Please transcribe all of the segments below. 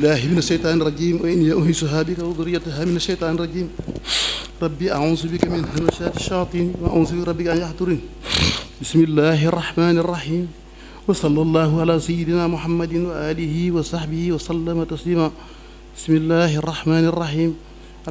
billahi min asheytaani irajim wa in uhiisuha bika wa duriyataha min asheytaani irajim rabbi auzu bika min hamasaati shayaatiin wa auzu bika rabbika an yaxdurin bismillahi irrahmani irrahim wa sallallahu ala sayidina muhammadin wa alihi wa sahbihi wa sallama taslima bismillahi irrahmani irrahim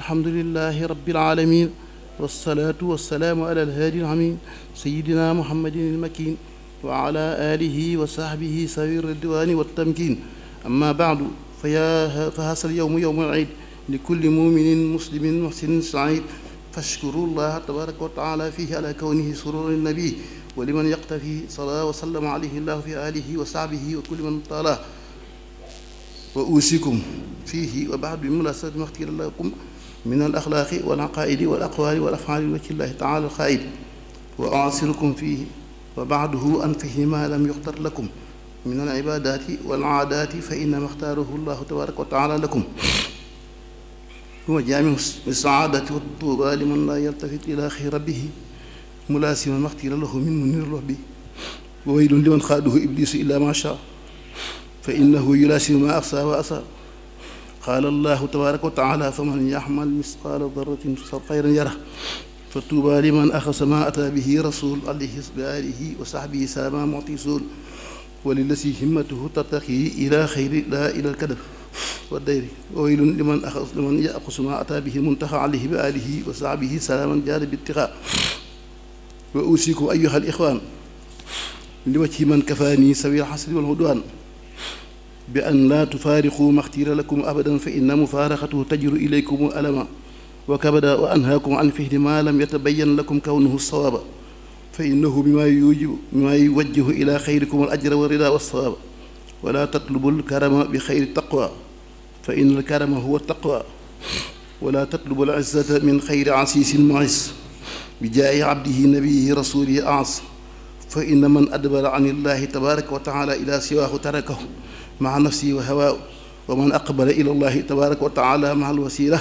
alhamdulilahi rabbil alamin wasalaatu wasalaamu ala alhaadi alamin sayidina muhammadin almakin wa ala alihi wa sahbihi sawir ridwaani wattamkin amma baadu fa yaa fa haasal yowmu yowmul iid li kulli muminin muslimin muhsinin said fashkuru llaha tabaraka wa taala fihi ala kawnihi sururi nabi wa liman yaqtafi sala wa sallama alayhi llahu fi alihi wa sahbihi wa kulli man taala wa uusikum fihi wa baad bi munaasabati maxtiira lakum min al axlaaqi wal aqaaidi wal aqwaali wal afaali wajhi llahi taala al xaayib wa aasirukum fihi wa baaduhu an fihi ma lam yuxtar lakum min al ibadaati wal aadaati fa innama axtaarahu llahu tabaraka wa taala lakum huwa jaamiu saadati wa tuuba liman laa yaltafit ila xi rabbihi mulaasiman maxtira lahu min munir rabbi wa waylun liman xaaduhu iblisu illa ma sha fa innahu yulaasimu ma aqsa wa asa qaala allahu tabaraka wa taala faman yaxmal misqaala daratin xayran yara fa tuuba liman axasa ma ata bihi rasul alayhi bi alihi wa saxbihi salama muti suul wali la si himmatuhu tartaxi ila xayri laa ila alkadaf wa dayri waylun liman a liman yaqsu ma ata bihi muntaxa alayhi bi alihi wa sahbihi salaaman jaara bi ittiqa wa usikum ayuha alixwaan li wajhi man kafaani sawi alxasri walhudwaan bi an laa tufaariqu maxtiira lakum abadan fa inna mufaaraxatuhu tajru ilaykum alama wa kabada wa anhaakum an fihli ma lam yatabayan lakum kawnuhu sawaaba fa innahu mimmaa yujibu mimmaa yuwajjihu ila xayrikum al ajra wa rida wa sawaaba wala tatlubul karama bi xayri taqwa fa inna al karama huwa taqwa wala tatlubul izzata min xayri asiisin mu'izz bi jaahi abdihi nabiyihi rasulihi ans fa inna man adbara an illahi tabaraka wa taala ila siwaahu tarakahu maa nafsihi wa hawaahu wa man aqbala ila allahi tabaraka wa taala maa alwasila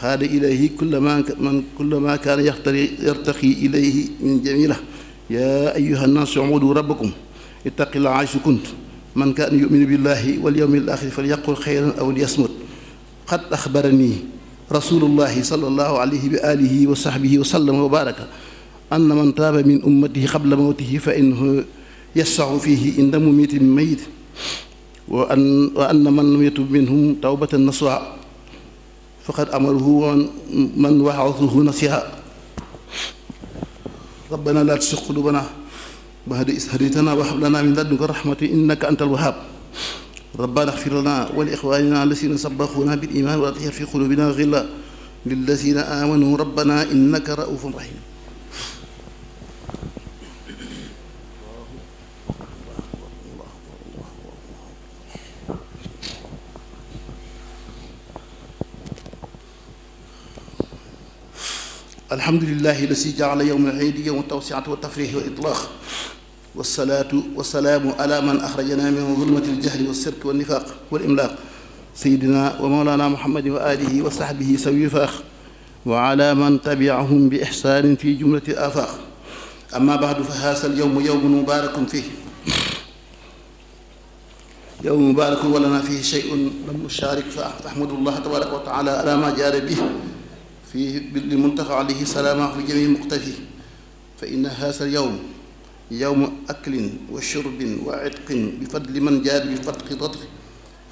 xaada ilayhi kulla ma man kulla ma kaana yaxtari yartaqi ilayhi min jamila yaa ayuha nnaasu ubudu rabbakum ittaqillah aysu kunt man kaana yuminu billahi wal yawmil axiri falyaqul xayran aw liyasmut qad axbarani rasulullahi sallallahu alayhi wa alihi wa sahbihi wa sallama wa baraka anna man taaba min ummatihi qabla mawtihi fa innahu yassahu fihi inda mumitin mayit wa an wa anna man lam yatub minhum tawbatan nasuha faqad amarahu wa man wa'azahu nasiha rabbana la tuzigh qulubana ba'da idh hadaytana wa hab lana min ladunka rahmatan innaka antal wahhab rabbana ighfir lana wa li ikhwanina alladhina sabbaquna bil iman wa la taj'al fi qulubina ghillan lil ladhina amanu rabbana innaka ra'ufun rahim alhamdulilahi lasi jaala yowma alxiidi yowma tawsiati wa tafriixi wa itlaax wasalaatu wasalaamu ala man axrajana min zulmati aljahli walsirki walnifaaq walimlaaq sayidina wa mawlana muhammadin wa alihi wa saxbihi sawi faax wa ala man tabiahum bi ixsaanin fi jumlati afaax amma baadu fa haasa alyowmu yowmun mubaarakun fih yowmu mubaarakun walana fihi sheyun lam nusharik fa ahmadu llah tabaraka wa taala ala ma jaara bih فيه للمنتقى عليه السلام بجميع مقتفي فإن هذا اليوم يوم أكل وشرب وعتق بفضل من جاد بفتق رطق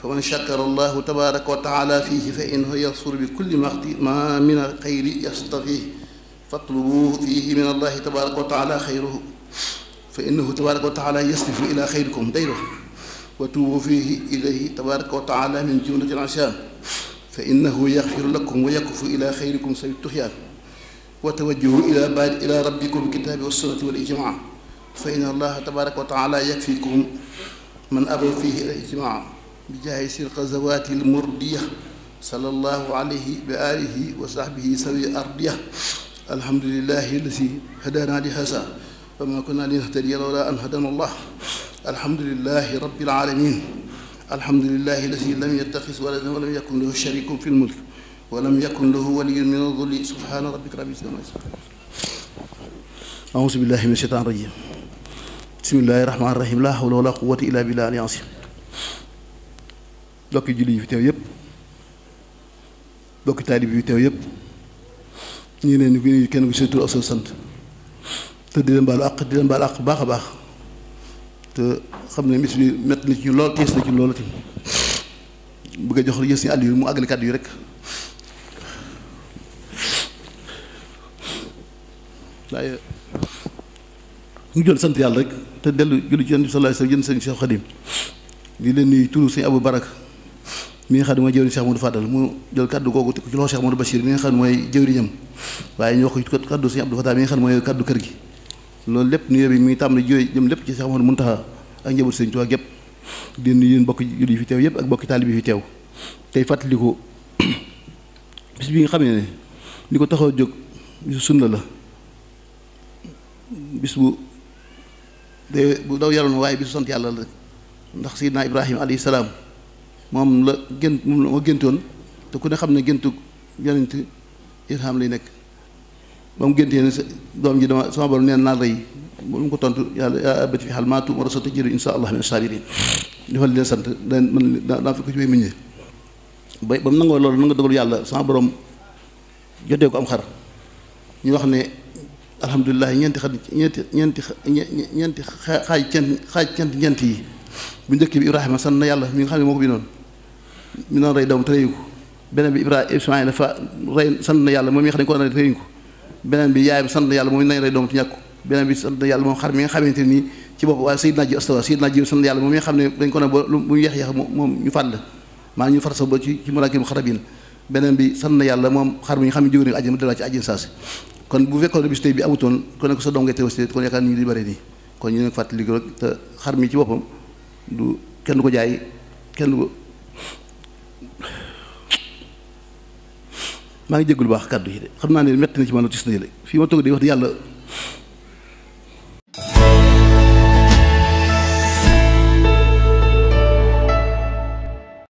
فمن شكر الله تبارك وتعالى فيه فإنه يصر بكل ما من الخير يستفيه فاطلبوه فيه من الله تبارك وتعالى خيره فإنه تبارك وتعالى يصرف إلى خيركم ديره وتوبوا فيه إليه تبارك وتعالى من جملة العشان fa innahu yaxfiru lakum wa yakufu ila xayrikum sa tuxyaan wa tawajjahu ila baadi ila rabbikum kitaabi wa sunnati wal ijmaa fa inna allaha tabaraka wa taala yakfikum man aba fihi al ijmaa bi jaahi sir xazawaati al murdiya sallallahu alayhi wa alihi wa sahbihi sawi ardiya alhamdulillahi alladi hadaana li haza wa ma kunna linahtadiya lawla an hadana allah alhamdulillahi rabbil alamin alhamdulilahi alladi lam yattaxis waladan walam yakun lahu sharikun fi lmulk walam yakun lahu waliyun min adulli subhana rabbika rabbil izzati amma yasifun auzu billahi min shaytan rajim bismillahi rahmani rahim la hawla wala quwata illa billah alliance bokki julli yi fi teew yépp bokki taalib yi fi teew yépp ñu ngi leen di nuyu kenn ku si tur ak sant te di leen baalu àq di leen baalu àq baax a baax te xam ne métti ñu métti na ci ñu lool tiis na ci loolu tim bëgg jox yës ñu àll yi mu àggale kàddu yi rek waaye ñu jël sant rek te dellu julli ci yonent bi sallallahu alayhi wasallam jën sëñ Cheikh Khadim di leen nuyu turu sëñ Abou Barak mi nga xam ne mooy jëwriñ Cheikh Modou Fadal mu jël kàddu googu ci loxo Cheikh Modou Bachir mi nga xam ne mooy jëwriñam waaye ñu wax ko kàddu sëñ Abdou Fatah mi nga xam ne mooy kàddu kër gi loolu lépp nuyoo bi mi ngi tàmbali jóoy jëm lépp ci Cheikh Mouhamadou Mountakha ak njabootu Sëriñ Tuubaa gépp di nuyu mbokki jullit yi fi teew yëpp ak mbokki taalib yi fi teew tey fàttaliku bis bi nga xam ne li ko tax jóg bisu sunna la bis bu day bu daw yàlla na waaye bisu sant yàlla la ndax Seydina Ibrahima alayhi salaam moom la gént moom la ma géntoon te ku ne xam ne géntu yonent irham lay nekk ba mu géntee ne doom ji dama sama borom neen naa rëy ko tontu yàlla yaa abati fi xel maa tuum a sotti jëriñ incha allah min sabirin daa fi ko ci bay muññee ba ba nangoo loolu na nga dogal yàlla sama borom jotee ko am xar ñu wax ne alhamdulilah ñeenti xa ñeenti ñeenti ñeenti xaaj cent xaaj cent ñeent yi bu njëkk bi Ibrahima sant na yàlla mi nga xam ne moo ko bindoon mi noon rey doom te reyu ko beneen bi Ibrahima Ismaayla dafa rey sant na yàlla moom mi xam ne ko rey te reyu ko beneen bi yaay bi sant yàlla moom nañ rey doom ci ñàkku beneen bi sant yàlla moom xar mi nga xamante nii ci bopp waaye sayidna ji astawa moom mi nga xam sa ba xam ne jóge na àjjana dalaa ci àjjana saasi kon bu fekkoon ne bis bi amutoon kon ne ko sa doom ngay tewasté kon yaakaar ni ñu di bëri nii kon ñu ne fàttali ko rek te xar mi ci boppam du kenn du ko jaay kenn du ko maa ngi jégalu baax kàddu yi de xam naa ne metti na ci man a tis na